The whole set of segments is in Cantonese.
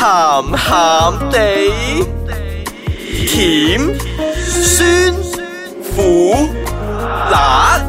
鹹鹹地，甜酸苦辣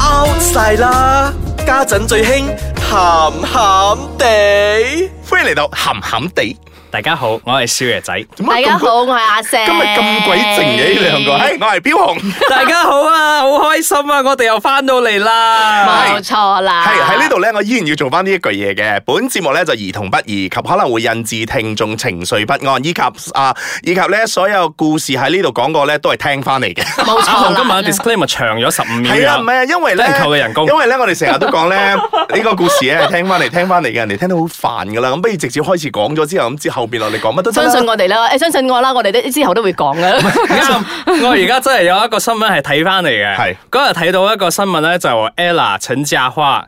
out 晒啦！家陣最興鹹鹹地，歡迎嚟到鹹鹹地。大家好，我係少爺仔。麼麼大家好，我係阿成。今日咁鬼靜嘅呢兩個，哎、我係標紅。大家好啊，好 開心啊，我哋又翻到嚟啦。冇錯啦。係喺呢度咧，我依然要做翻呢一句嘢嘅。本節目咧就兒童不宜，及可能會引致聽眾情緒不安，以及啊，以及咧所有故事喺呢度講過咧都係聽翻嚟嘅。冇錯。 今日 Disclaimer 長咗十五年。係啊，唔係啊，因為咧扣你人工。因為咧我哋成日都講咧呢 個故事咧聽翻嚟，聽翻嚟嘅人哋聽到好煩噶啦。咁不如直接開始講咗之後咁之後。之後邊講乜都相信我哋啦，誒、欸，相信我啦，我哋都之後都會講嘅。 我而家真係有一個新聞係睇翻嚟嘅，係嗰日睇到一個新聞咧，就是、Ella 陳嘉桦。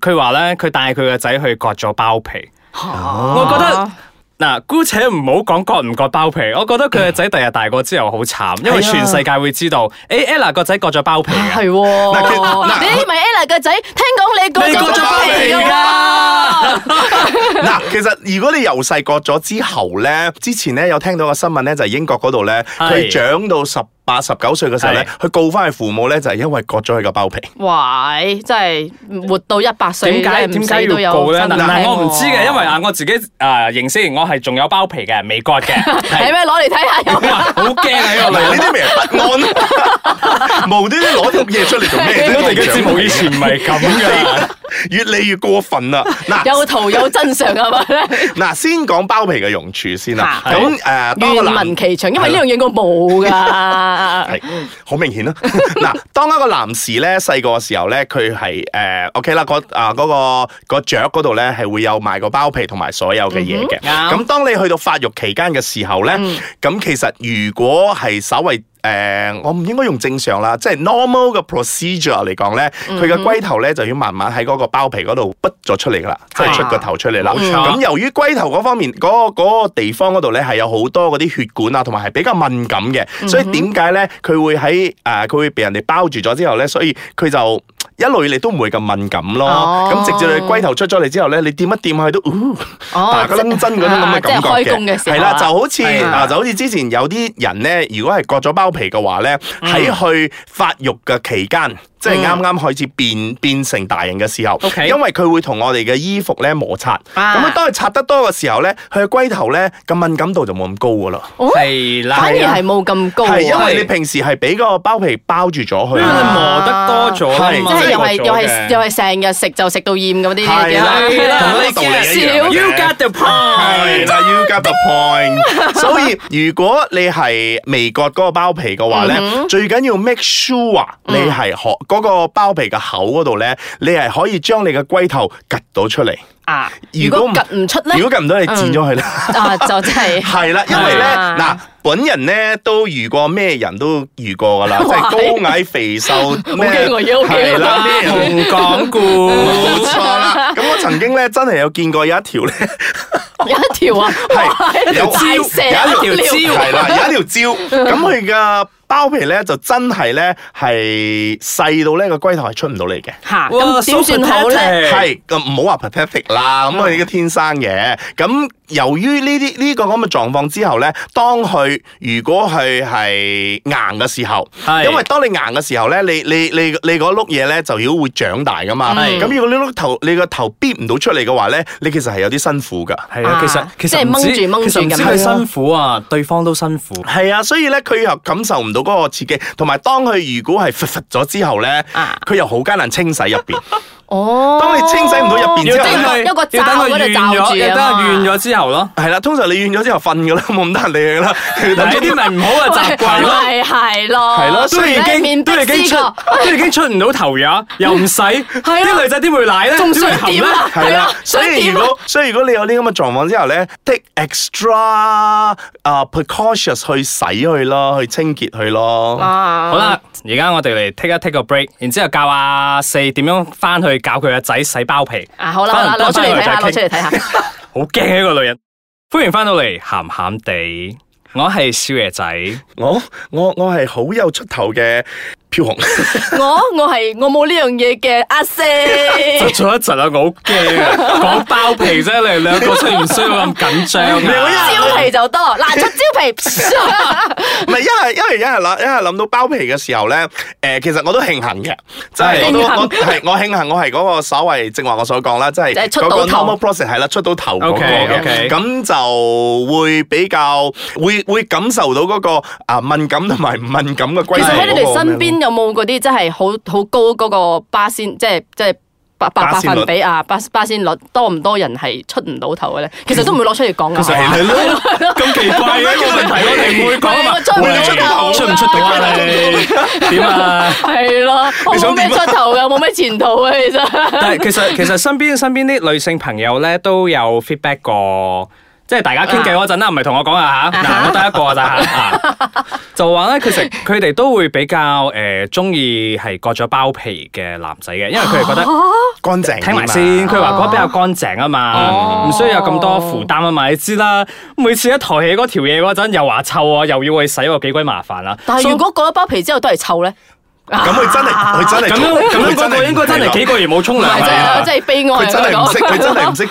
佢話咧佢帶佢個仔去割咗包皮，啊、我覺得。嗱、呃，姑且唔好講割唔割包皮，我覺得佢個仔第日大個之後好慘，因為全世界會知道，誒、欸，Ella 個仔割咗包皮，係、啊， 呃呃、你咪 Ella 個仔，聽講你割咗包皮噶，嗱、 呃，其實如果你由細割咗之後咧，之前咧有聽到個新聞咧，就係、是、英國嗰度咧，佢是長到十八十九歲嘅時候咧，佢告翻佢父母咧，就係因為割咗佢個包皮。喂，真係活到一百歲，點解點解要告咧？但係我唔知嘅，因為啊，我自己啊，認識我係仲有包皮嘅，未割嘅。係咩？攞嚟睇下。哇！好驚啊！呢啲不安，無端端攞啲嘢出嚟做咩？我哋嘅節目以前唔係咁噶。越嚟越過分啦、啊！嗱、啊， 有圖有真相係咪咧？嗱， 先講包皮嘅用處先啦、啊。咁誒、啊，呃、是當個男，願聞其詳，對啦 因為呢樣嘢我冇㗎。係，好明顯咯、啊。嗱、 啊，當一個男士咧，細個嘅時候咧，佢係誒 OK 啦，那啊那個啊嗰、那個雀嗰度咧係會有埋個包皮同埋所有嘅嘢嘅。咁、嗯、哼當你去到發育期間嘅時候咧，咁、嗯、其實如果係稍為誒，uh, 我唔應該用正常啦，即係 normal 嘅 procedure 嚟講咧，佢嘅、mm hmm. 龜頭咧就要慢慢喺嗰個包皮嗰度剝咗出嚟噶啦，Yeah. 即係出個頭出嚟啦。咁、mm hmm. 由於龜頭嗰方面嗰、嗰個嗰、嗰個、地方嗰度咧係有好多嗰啲血管啊，同埋係比較敏感嘅，所以點解咧佢會喺佢、呃、會俾人哋包住咗之後咧，所以佢就。一嚟你都唔會咁敏感咯，咁、哦、直至你龜頭出咗嚟之後咧，你掂一掂佢都，嗱、哦，哦、打個真針嗰種咁嘅感覺嘅，係啦、哦啊，就好似嗱，的就好似之前有啲人咧，如果係割咗包皮嘅話咧，喺、嗯、去發育嘅期間。即係啱啱開始變變成大型嘅時候，因為佢會同我哋嘅衣服咧摩擦，咁啊當佢擦得多嘅時候咧，佢嘅龜頭咧個敏感度就冇咁高㗎喇，係啦，反而係冇咁高。係因為你平時係俾個包皮包住咗佢，磨得多咗，即係又係又係又係成日食就食到厭咁啲嘢，同呢度嘅嘢一樣，You got the point，係啦，you got the point。所以如果你係未割嗰個包皮嘅話咧，最緊要 make sure 你係學。嗰個包皮嘅口嗰度咧，你係可以將你嘅龜頭夾到出嚟。啊！如果夾唔出咧，如果夾唔到，你剪咗佢啦。啊，就真係。係啦，因為咧，嗱，本人咧都遇過咩人都遇過噶啦，即係高矮肥瘦冇任何要求咩人紅光顧，冇錯啦。咁我曾經咧真係有見過有一條咧。有一條啊，係一條蕉，有一條蕉，係啦，有一條蕉。咁佢嘅包皮咧就真係咧係細到咧個龜頭係出唔到嚟嘅。吓，咁點算好咧？係，唔好話 perfect 啦。咁佢，已經天生嘅。咁由於呢啲呢個咁嘅狀況之後咧，當佢如果佢係硬嘅時候，係，因為當你硬嘅時候咧，你你你你嗰碌嘢咧就如果會長大噶嘛，係。咁如果你碌頭你個頭逼唔到出嚟嘅話咧，你其實係有啲辛苦噶。其實即係掹住掹住咁樣，辛苦啊！對方都辛苦。係啊，所以咧，佢又感受唔到嗰個刺激，同埋當佢如果係罰罰咗之後咧，佢又好艱難清洗入邊。哦，當你清洗唔到入邊之後，要等佢要等佢軟咗，要等佢軟咗之後咯。係啦，通常你軟咗之後瞓噶啦，冇咁得你噶啦。但係啲咪唔好嘅習慣咯，係係咯，係咯，所以已經都已經出，都已經出唔到頭也，又唔使。係啊，啲女仔點會賴咧？仲衰點咧？係啦，所以如果所以如果你有啲咁嘅狀況。之後咧，take extra 啊、uh，precautions 去洗去咯，去清潔去咯。啊、好啦，而家我哋嚟 take 一 take 個 break，然之後教阿、啊、四點樣翻去教佢個仔洗包皮。啊，好啦，攞出嚟睇下啦，出嚟睇下。好驚呢個女人。歡迎翻到嚟，鹹鹹哋，我係少爺仔，我我我係好有出頭嘅。飄紅，我我係我冇呢樣嘢嘅阿四，就坐一陣啊！我好驚啊，講包皮啫，你兩個出唔需要咁緊張嘅，招皮就多嗱，出招皮，唔係因為因為一係諗一係諗到包皮嘅時候咧，誒其實我都慶幸嘅，即係我都我係我慶幸我係嗰個所謂正話我所講啦，即係嗰個 normal process 係啦，出到頭嗰個嘅，咁就會比較會會感受到嗰個啊敏感同埋唔敏感嘅龜頭嘅。有冇嗰啲真係好好高嗰個巴仙，即係即係百百百分比啊！巴巴仙率多唔多人係出唔到頭嘅咧？其實都唔會攞出嚟講噶。其實係咯，咁奇怪嘅問題我哋會講埋。出唔出頭？出唔出到啊？你點啊？係咯，冇咩出頭嘅，冇咩前途啊！其實。但係其實其實身邊身邊啲女性朋友咧都有 feedback 過。即係大家傾偈嗰陣啦，唔係同我講啊吓嗱我得一個咋嚇、 啊，就話咧其實佢哋都會比較誒中意係割咗包皮嘅男仔嘅，因為佢哋覺得乾淨。啊、聽埋完先，佢話割比較乾淨啊嘛，唔、啊、需要有咁多負擔啊嘛，你知啦。啊、每次一抬起嗰條嘢嗰陣，又話臭啊，又要去洗喎，幾鬼麻煩啊！但係如果割咗包皮之後都係臭咧？咁佢真係，佢真係咁咁，佢應該真係幾個月冇沖涼真係悲哀。佢真係唔識，佢真係唔識。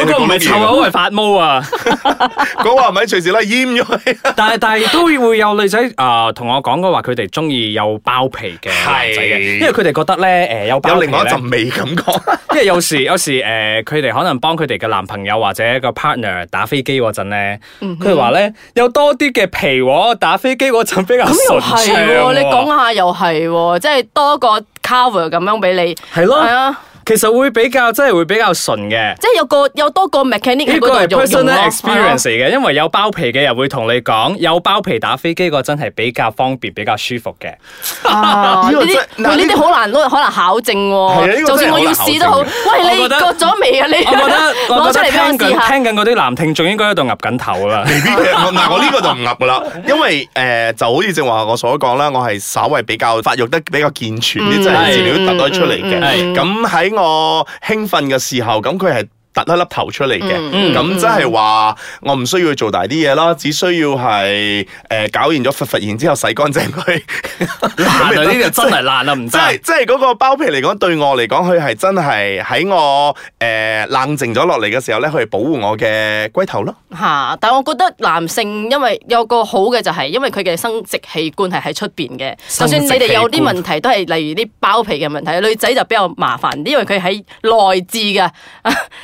嗰個唔係臭啊，嗰個係發毛啊！嗰個唔係隨時拉閹咗佢。但係但係都會有女仔誒同我講過話，佢哋中意有包皮嘅男仔嘅，因為佢哋覺得咧誒有包皮有另外一陣味感覺。因為有時有時誒，佢哋可能幫佢哋嘅男朋友或者個 partner 打飛機嗰陣咧，佢哋話咧有多啲嘅皮喎。打飛機嗰陣比較咁，你講下又係。即係多個 cover 咁樣俾你。係咯，係啊。其實會比較，真係會比較純嘅，即係有個有多個 mechanic 嗰度用咯。呢個係 personal experience 嘅，因為有包皮嘅人會同你講，有包皮打飛機個真係比較方便，比較舒服嘅。呢啲好難，都可能考證。就算我要試都好，喂，你割咗未啊？你覺得我覺得聽緊嗰啲男聽眾應該喺度壓緊頭啦。未必，嗱我呢個就唔壓啦，因為誒就好似正話我所講啦，我係稍微比較發育得比較健全啲，即係資料凸咗出嚟嘅。咁喺個興奮嘅時候，咁佢係。甩粒，粒頭出嚟嘅，咁即係話我唔需要做大啲嘢啦，嗯嗯、只需要係誒、呃、搞完咗佛佛然之後洗乾淨佢。男啊呢就真係爛啦，唔知行，即係嗰個包皮嚟講，對我嚟講，佢係真係喺我誒、呃、冷靜咗落嚟嘅時候咧，佢保護我嘅龜頭咯。吓，但係我覺得男性因為有個好嘅就係，因為佢嘅生殖器官係喺出邊嘅，就算你哋有啲問題都係例如啲包皮嘅問題，女仔就比較麻煩，因為佢喺內置嘅，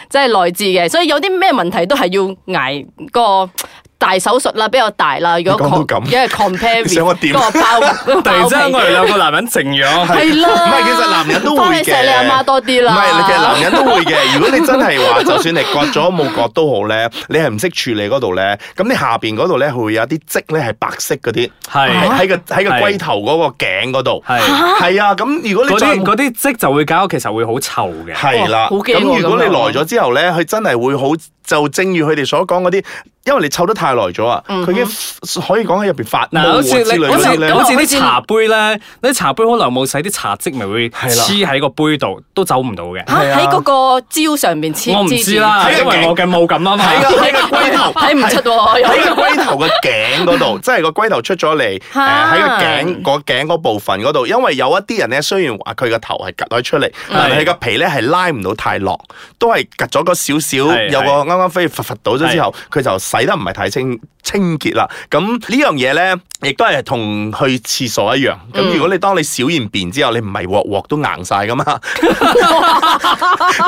即係。來自嘅，所以有啲咩問題都係要挨那個。大手術啦，比較大啦。如果講到咁，因為 compare，個包突然之間我哋兩個男人靜養，係啦，唔係其實男人都會嘅。你阿媽多啲啦，唔係其實男人都會嘅。如果你真係話，就算你割咗冇割都好咧，你係唔識處理嗰度咧，咁你下邊嗰度咧會有啲積咧係白色嗰啲，係喺個喺個龜頭嗰個頸嗰度，係係啊。咁如果你嗰啲嗰啲積就會搞，其實會好臭嘅，係啦。咁如果你來咗之後咧，佢真係會好。就正如佢哋所講嗰啲，因為你湊得太耐咗啊，佢已經可以講喺入邊發黴之類好似啲茶杯咧，你茶杯好耐冇洗，啲茶漬咪會黐喺個杯度，都走唔到嘅。喺嗰個蕉上面黐。我唔知啦，因為我嘅冇咁啱喺個龜頭，睇唔出喎。喺個龜頭嘅頸嗰度，即係個龜頭出咗嚟，喺個頸個頸嗰部分嗰度。因為有一啲人咧，雖然話佢個頭係趌咗出嚟，但係佢個皮咧係拉唔到太落，都係趌咗個少少，有個。啱啱飛去佛佛到咗之後，佢就洗得唔係太清清潔啦。咁呢樣嘢咧，亦都係同去廁所一樣。咁如果你當你小完便之後，你唔係鑊鑊都硬晒噶嘛，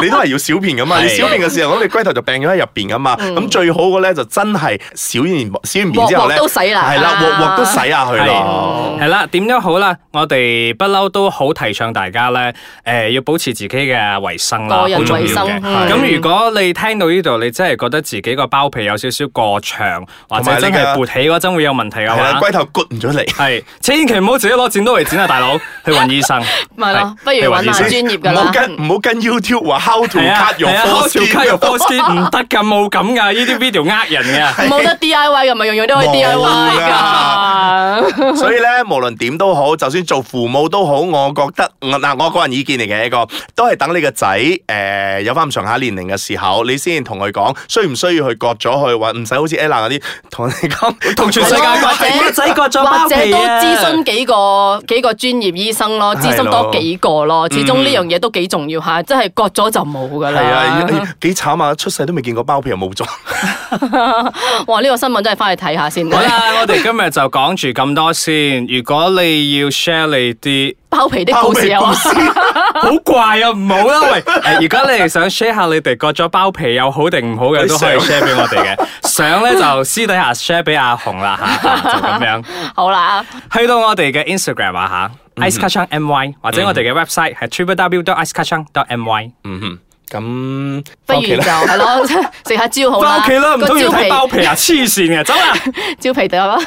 你都係要小便噶嘛。你小便嘅時候，咁你龜頭就病咗喺入邊噶嘛。咁最好嘅咧就真係小完小完便之後咧，都洗啦，係啦，鑊鑊都洗下去咯。係啦，點樣好啦？我哋不嬲都好提倡大家咧，誒要保持自己嘅衞生啦，好重要嘅。咁如果你聽到呢度你。即係覺得自己個包皮有少少過長，或者真係勃起嗰陣會有問題嘅話，龜頭割唔咗嚟，係千祈唔好自己攞剪刀嚟剪啊！大佬，去揾醫生，咪咯，不如揾下專業㗎。唔好跟唔好跟 YouTube 話 How to cut your foreskin 唔得㗎，冇咁㗎，呢啲 video 呃人嘅，冇得 DIY 㗎，咪樣樣都可以 DIY 噶。所以咧，無論點都好，就算做父母都好，我覺得我嗱我個人意見嚟嘅一個，都係等你個仔誒有翻咁上下年齡嘅時候，你先同佢講。需唔需要去割咗佢？或唔使好似 Ella 嗰啲同你講，同全世界割，唔割咗，或者多諮詢幾個幾個專業醫生咯，諮詢多幾個咯，始終呢樣嘢都幾重要吓，mm hmm. 真係割咗就冇噶啦。係啊，哎、幾慘啊，出世都未見過包皮又冇咗。 哇，呢、這個新聞真係翻去睇下先。好啦，我哋今日就講住咁多先。如果你要 share 你啲。包皮的故事有好怪啊！唔好啦，喂！如果你哋想 share 下你哋割咗包皮有好定唔好嘅，都可以 share 俾我哋嘅。相咧就私底下 share 俾阿紅啦，就咁樣。好啦，去到我哋嘅 Instagram 啊吓 i c e c a n g m y 或者我哋嘅 website 係 t r b e w i c e c a n g 到 my。嗯哼，咁不如就係咯，食下蕉好啦。屋企啦，唔通要睇包皮啊？黐線嘅，走啦，蕉皮得啦。